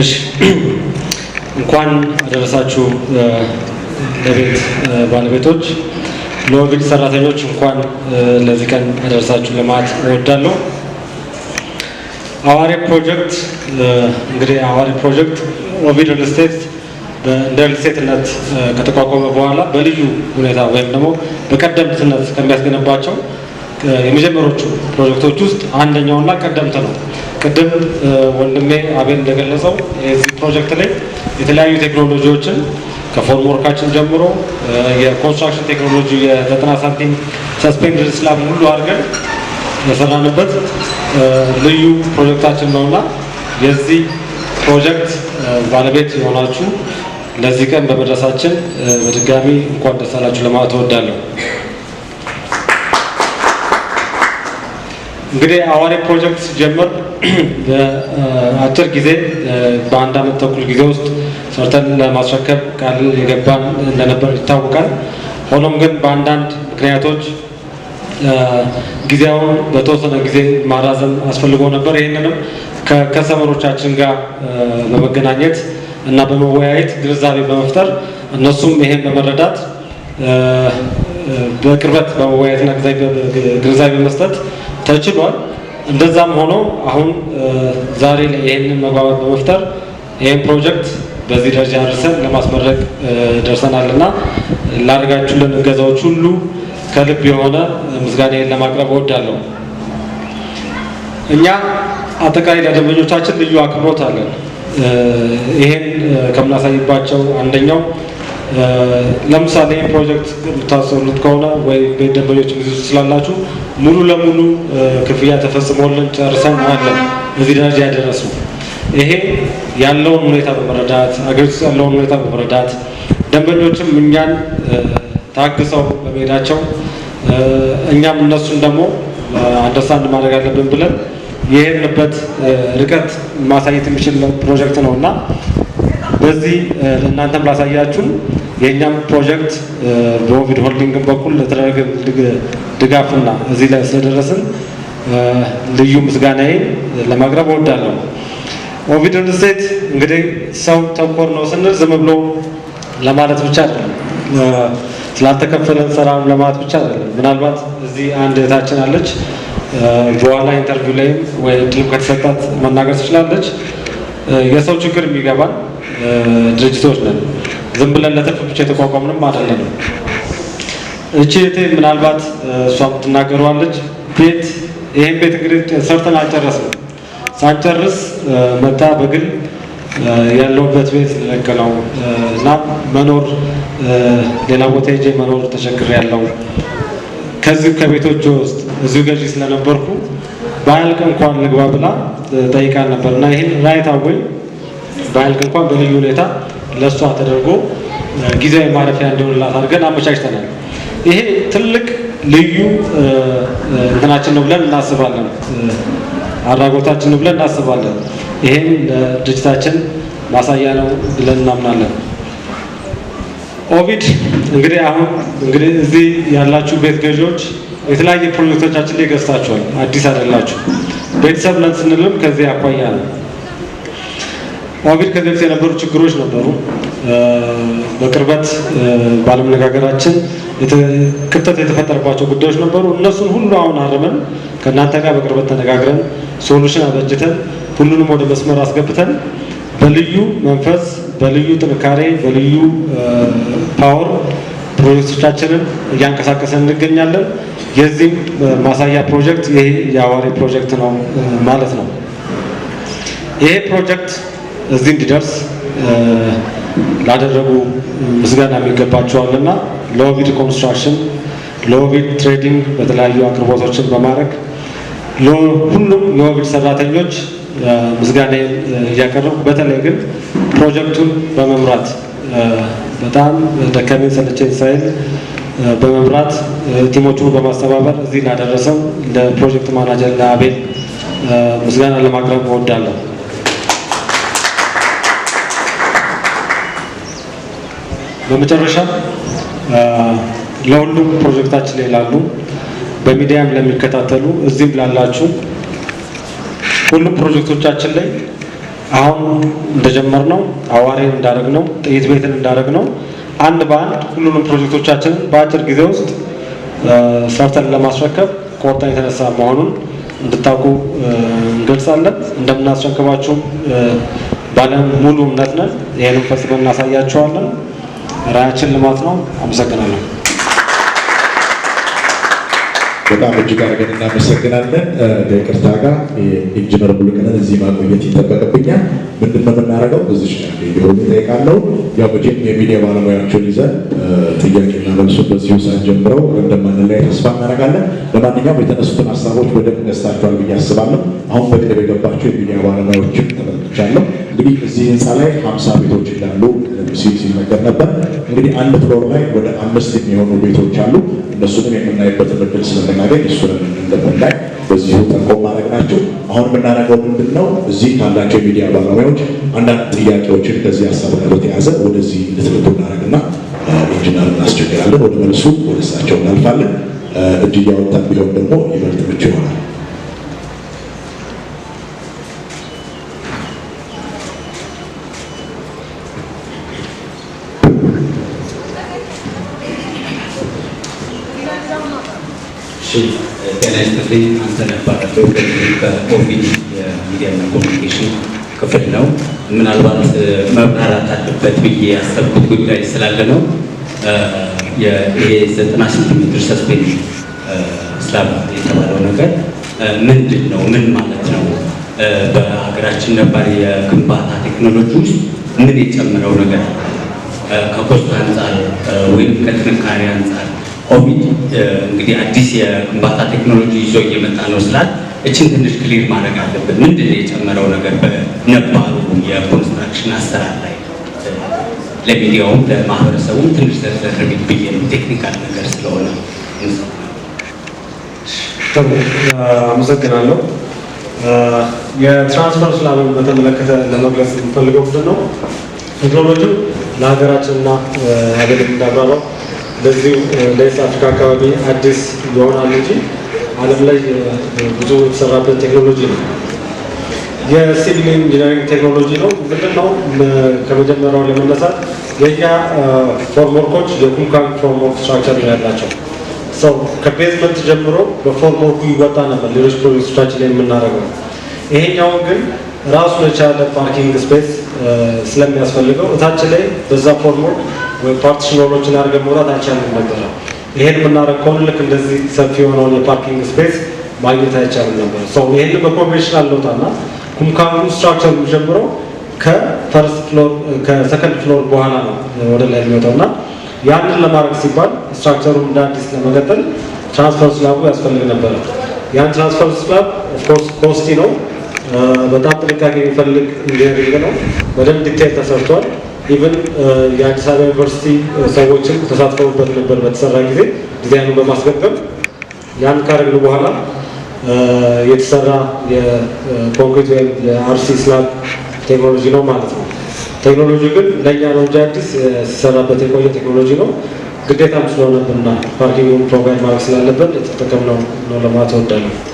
እሺ እንኳን አደረሳችሁ ለቤት ባለቤቶች ለኦቪድ ሰራተኞች እንኳን ለዚህ ቀን አደረሳችሁ ለማለት እወዳለሁ። አዋሬ ፕሮጀክት እንግዲህ አዋሬ ፕሮጀክት ኦቪድ ስቴት እንደ ሪል ከተቋቋመ በኋላ በልዩ ሁኔታ ወይም ደግሞ በቀደምትነት ከሚያስገነባቸው የመጀመሪያዎቹ ፕሮጀክቶች ውስጥ አንደኛውና ቀደምት ነው። ቅድም ወንድሜ አቤል እንደገለጸው የዚህ ፕሮጀክት ላይ የተለያዩ ቴክኖሎጂዎችን ከፎርም ወርካችን ጀምሮ የኮንስትራክሽን ቴክኖሎጂ የዘጠና ሳንቲም ሰስፔንድ ስላብ ሁሉ አድርገን የሰራንበት ልዩ ፕሮጀክታችን ነውና የዚህ ፕሮጀክት ባለቤት የሆናችሁ ለዚህ ቀን በመድረሳችን በድጋሚ እንኳን ደስ አላችሁ ለማለት እወዳለሁ። እንግዲህ አዋሬ ፕሮጀክት ሲጀመር በአጭር ጊዜ በአንድ አመት ተኩል ጊዜ ውስጥ ሰርተን ለማስረከብ ቃል የገባን እንደነበር ይታወቃል። ሆኖም ግን በአንዳንድ ምክንያቶች ጊዜያውን በተወሰነ ጊዜ ማራዘም አስፈልጎ ነበር። ይህንንም ከሰመሮቻችን ጋር በመገናኘት እና በመወያየት ግንዛቤ በመፍጠር እነሱም ይሄን በመረዳት በቅርበት በመወያየትና ግንዛቤ በመስጠት ተችሏል። እንደዛም ሆኖ አሁን ዛሬ ላይ ይህንን መግባባት በመፍጠር ይህን ፕሮጀክት በዚህ ደረጃ አድርሰን ለማስመረቅ ደርሰናል እና ላደርጋችሁልን እገዛዎች ሁሉ ከልብ የሆነ ምስጋናዬን ለማቅረብ እወዳለሁ። እኛ አጠቃላይ ለደንበኞቻችን ልዩ አክብሮት አለን። ይሄን ከምናሳይባቸው አንደኛው ለምሳሌ ፕሮጀክት ልታሰሩት ከሆነ ወይ ደንበኞች ጊዜ ስላላችሁ ሙሉ ለሙሉ ክፍያ ተፈጽሞልን ጨርሰን አለን እዚህ ደረጃ ያደረሱ። ይሄ ያለውን ሁኔታ በመረዳት አገር ውስጥ ያለውን ሁኔታ በመረዳት ደንበኞችም እኛን ታግሰው በመሄዳቸው እኛም እነሱን ደግሞ አንደርስታንድ ማድረግ አለብን ብለን የሄድንበት ርቀት ማሳየት የሚችል ፕሮጀክት ነው እና በዚህ እናንተም ላሳያችሁ የእኛም ፕሮጀክት በኦቪድ ሆልዲንግ በኩል ለተደረገ ድጋፍና እዚህ ላይ ስለደረስን ልዩ ምስጋናዬን ለማቅረብ እወዳለሁ። ኦቪድ ሪል ስቴት እንግዲህ ሰው ተኮር ነው ስንል ዝም ብሎ ለማለት ብቻ አይደለም፣ ስላልተከፈለ ሰራም ለማለት ብቻ አይደለም። ምናልባት እዚህ አንድ እህታችን አለች፣ በኋላ ኢንተርቪው ላይም ወይ እድልም ከተሰጣት መናገር ትችላለች። የሰው ችግር የሚገባን ድርጅቶች ነን። ዝም ብለን ለትርፍ ብቻ የተቋቋምንም አይደለንም። እቺ እህቴ ምናልባት እሷም ትናገረዋለች። ቤት ይህን ቤት እንግዲህ ሰርተን አልጨረስም። ሳንጨርስ መጣ በግል ያለውበት ቤት ልለቅ ነው እና መኖር ሌላ ቦታ ሄጄ መኖር ተቸግር ያለው ከዚህ ከቤቶች ውስጥ እዚሁ ገዢ ስለነበርኩ በአያልቅ እንኳን ልግባ ብላ ጠይቃን ነበር እና ይህን ራይት አወይ በአያልቅ እንኳን በልዩ ሁኔታ ለእሷ ተደርጎ ጊዜያዊ ማረፊያ እንዲሆንላት አድርገን አመቻችተናል። ይሄ ትልቅ ልዩ እንትናችን ነው ብለን እናስባለን፣ አድራጎታችን ነው ብለን እናስባለን። ይሄን ለድርጅታችን ማሳያ ነው ብለን እናምናለን። ኦቪድ እንግዲህ አሁን እንግዲህ እዚህ ያላችሁ ቤት ገዢዎች የተለያየ ፕሮጀክቶቻችን ላይ ገዝታችኋል፣ አዲስ አይደላችሁ። ቤተሰብ ነን ስንልም ከዚህ አኳያ ነው። ኮቪድ ከግልጽ የነበሩ ችግሮች ነበሩ። በቅርበት ባለመነጋገራችን ክፍተት የተፈጠረባቸው ጉዳዮች ነበሩ። እነሱን ሁሉ አሁን አርመን ከእናንተ ጋር በቅርበት ተነጋግረን ሶሉሽን አበጅተን ሁሉንም ወደ መስመር አስገብተን በልዩ መንፈስ፣ በልዩ ጥንካሬ፣ በልዩ ፓወር ፕሮጀክቶቻችንን እያንቀሳቀሰን እንገኛለን። የዚህም ማሳያ ፕሮጀክት ይሄ የአዋሬ ፕሮጀክት ነው ማለት ነው። ይሄ ፕሮጀክት እዚህ እንዲደርስ ላደረጉ ምስጋና የሚገባቸዋልና ለኦቪድ ኮንስትራክሽን፣ ለኦቪድ ትሬዲንግ በተለያዩ አቅርቦቶችን በማድረግ ሁሉም የኦቪድ ሰራተኞች ምስጋና እያቀረቡ በተለይ ግን ፕሮጀክቱን በመምራት በጣም ደከመኝ ሰለቸኝ ሳይል በመምራት ቲሞቹን በማስተባበር እዚህ ላደረሰው ለፕሮጀክት ማናጀር ለአቤል ምስጋና ለማቅረብ እወዳለሁ። በመጨረሻ ለሁሉም ፕሮጀክታችን ላይ ላሉ በሚዲያም ለሚከታተሉ እዚህም ላላችሁ ሁሉም ፕሮጀክቶቻችን ላይ አሁን እንደጀመር ነው አዋሬን ነው ጥይት ቤትን እንዳደረግ ነው። አንድ በአንድ ሁሉንም ፕሮጀክቶቻችንን በአጭር ጊዜ ውስጥ ሰርተን ለማስረከብ ቆርጠን የተነሳ መሆኑን እንድታውቁ እንገልጻለን። እንደምናስረክባችሁም ባለ ሙሉ እምነት ነን። ይህንም ፈጽመን እናሳያቸዋለን። ራያችን ልማት ነው። አመሰግናለሁ። በጣም እጅግ አድርገን እናመሰግናለን። ከይቅርታ ጋር ኢንጂነር ሙሉቀንን እዚህ ማቆየት ይጠበቅብኛል። ምንድን ነው የምናደርገው? እዚህ ቢሆን ጠይቃለው። ያው መቼም የሚዲያ ባለሙያቸውን ይዘን ጥያቄ መልሱ በዚሁ ሰዓት ጀምረው እንደማንለያይ ተስፋ እናደርጋለን። ለማንኛውም የተነሱትን ሀሳቦች በደንብ ገዝታችኋል ብዬ አስባለሁ። አሁን በቅደም የገባቸው የሚዲያ ባለሙያዎችም ተመልክቻለሁ። እንግዲህ እዚህ ህንፃ ላይ ሀምሳ ቤቶች እንዳሉ ሲል ሲነገር ነበር። እንግዲህ አንድ ፍሎር ላይ ወደ አምስት የሚሆኑ ቤቶች አሉ። እነሱንም የምናይበትን እድል ስለምናገኝ እሱንም እንደምናይ በዚሁ ጠቆም ማድረግ ናቸው። አሁን የምናደርገው ምንድን ነው? እዚህ ካላቸው የሚዲያ ባለሙያዎች አንዳንድ ጥያቄዎችን ከዚህ ሀሳብ ጋር በተያያዘ ወደዚህ እንድትልቱ እናደርግና ኢንጂነር እናስቸግራለን። ወደ መልሱ ወደ እሳቸው እናልፋለን። እጅ እያወጣን ቢሆን ደግሞ ይበልጥ ምቹ ይሆናል። ጤና ይስጥልኝ። አንተ ነባራቸው ከኦቪድ የሚዲያና ኮሚኒኬሽን ክፍል ነው። ምናልባት መብራራት አለበት ብዬ ያሰብኩት ጉዳይ ስላለ ነው። ይሄ ዘጠና ሴንቲሜትር ሰስፔንድ ስላባ የተባለው ነገር ምንድን ነው? ምን ማለት ነው? በሀገራችን ነባር የግንባታ ቴክኖሎጂ ውስጥ ምን የጨመረው ነገር ከኮስት አንጻር ወይም ከጥንካሬ አንጻር ኦቪድ እንግዲህ አዲስ የግንባታ ቴክኖሎጂ ይዞ እየመጣ ነው ስላል እችን ትንሽ ክሊር ማድረግ አለብን። ምንድን ነው የጨመረው ነገር በነባሩ የኮንስትራክሽን አሰራር ላይ ለሚዲያውም ለማህበረሰቡም ትንሽ ዘርዘር ቢል ብዬ ነው። ቴክኒካል ነገር ስለሆነ አመሰግናለሁ። የትራንስፈር ፕላንን በተመለከተ ለመግለጽ የምፈልገው ምንድን ነው ቴክኖሎጂው ለሀገራችንና ሀገር እንዳብራራው ለዚሁ ለኢስት አፍሪካ አካባቢ አዲስ ይሆናል እንጂ ዓለም ላይ ብዙ የተሰራበት ቴክኖሎጂ ነው። የሲቪል ኢንጂነሪንግ ቴክኖሎጂ ነው። ምንድን ነው? ከመጀመሪያው ለመነሳት የኛ ፎርምወርኮች የኩምካን ፎርምወርክ ስትራክቸር ነው ያላቸው። ሰው ከቤዝመንት ጀምሮ በፎርምወርኩ ይወጣ ነበር ሌሎች ፕሮጀክቶቻችን ላይ የምናደርገው። ይሄኛውን ግን ራሱን የቻለ ፓርኪንግ ስፔስ ስለሚያስፈልገው እታችን ላይ በዛ ፎርምወርክ ወይም ፓርቲሽን ዎሎችን አድርገን መውጣት አይቻልም ነበረ። ይሄን የምናደርግ ከሆነ ልክ እንደዚህ ሰፊ የሆነውን የፓርኪንግ ስፔስ ማግኘት አይቻልም ነበር። ሰው ይሄን በኮንቬንሽናል ለውጣና ኩምካሙ ስትራክቸር የሚጀምረው ከፈርስት ፍሎር ከሰከንድ ፍሎር በኋላ ነው ወደ ላይ የሚወጣውና እና ያንን ለማድረግ ሲባል ስትራክቸሩ እንደ አዲስ ለመቀጠል ትራንስፈር ስላቡ ያስፈልግ ነበረ። ያን ትራንስፈር ስላብ ኦፍኮርስ ኮስቲ ነው። በጣም ጥንቃቄ የሚፈልግ ኢንጂነሪንግ ነው። በደንብ ዲቴል ተሰርቷል። ኢቨን የአዲስ አበባ ዩኒቨርሲቲ ሰዎችም ተሳትፈውበት ነበር። በተሰራ ጊዜ ዲዛይኑን በማስገጠም ያን ካረግን በኋላ የተሰራ የኮንክሪት ወይም የአርሲ ስላብ ቴክኖሎጂ ነው ማለት ነው። ቴክኖሎጂ ግን ለእኛ ነው እንጂ አዲስ ሲሰራበት የቆየ ቴክኖሎጂ ነው። ግዴታም ስለሆነብንና ፓርኪንግ ፕሮቫይድ ማድረግ ስላለብን የተጠቀምነው ነው ለማለት እወዳለሁ።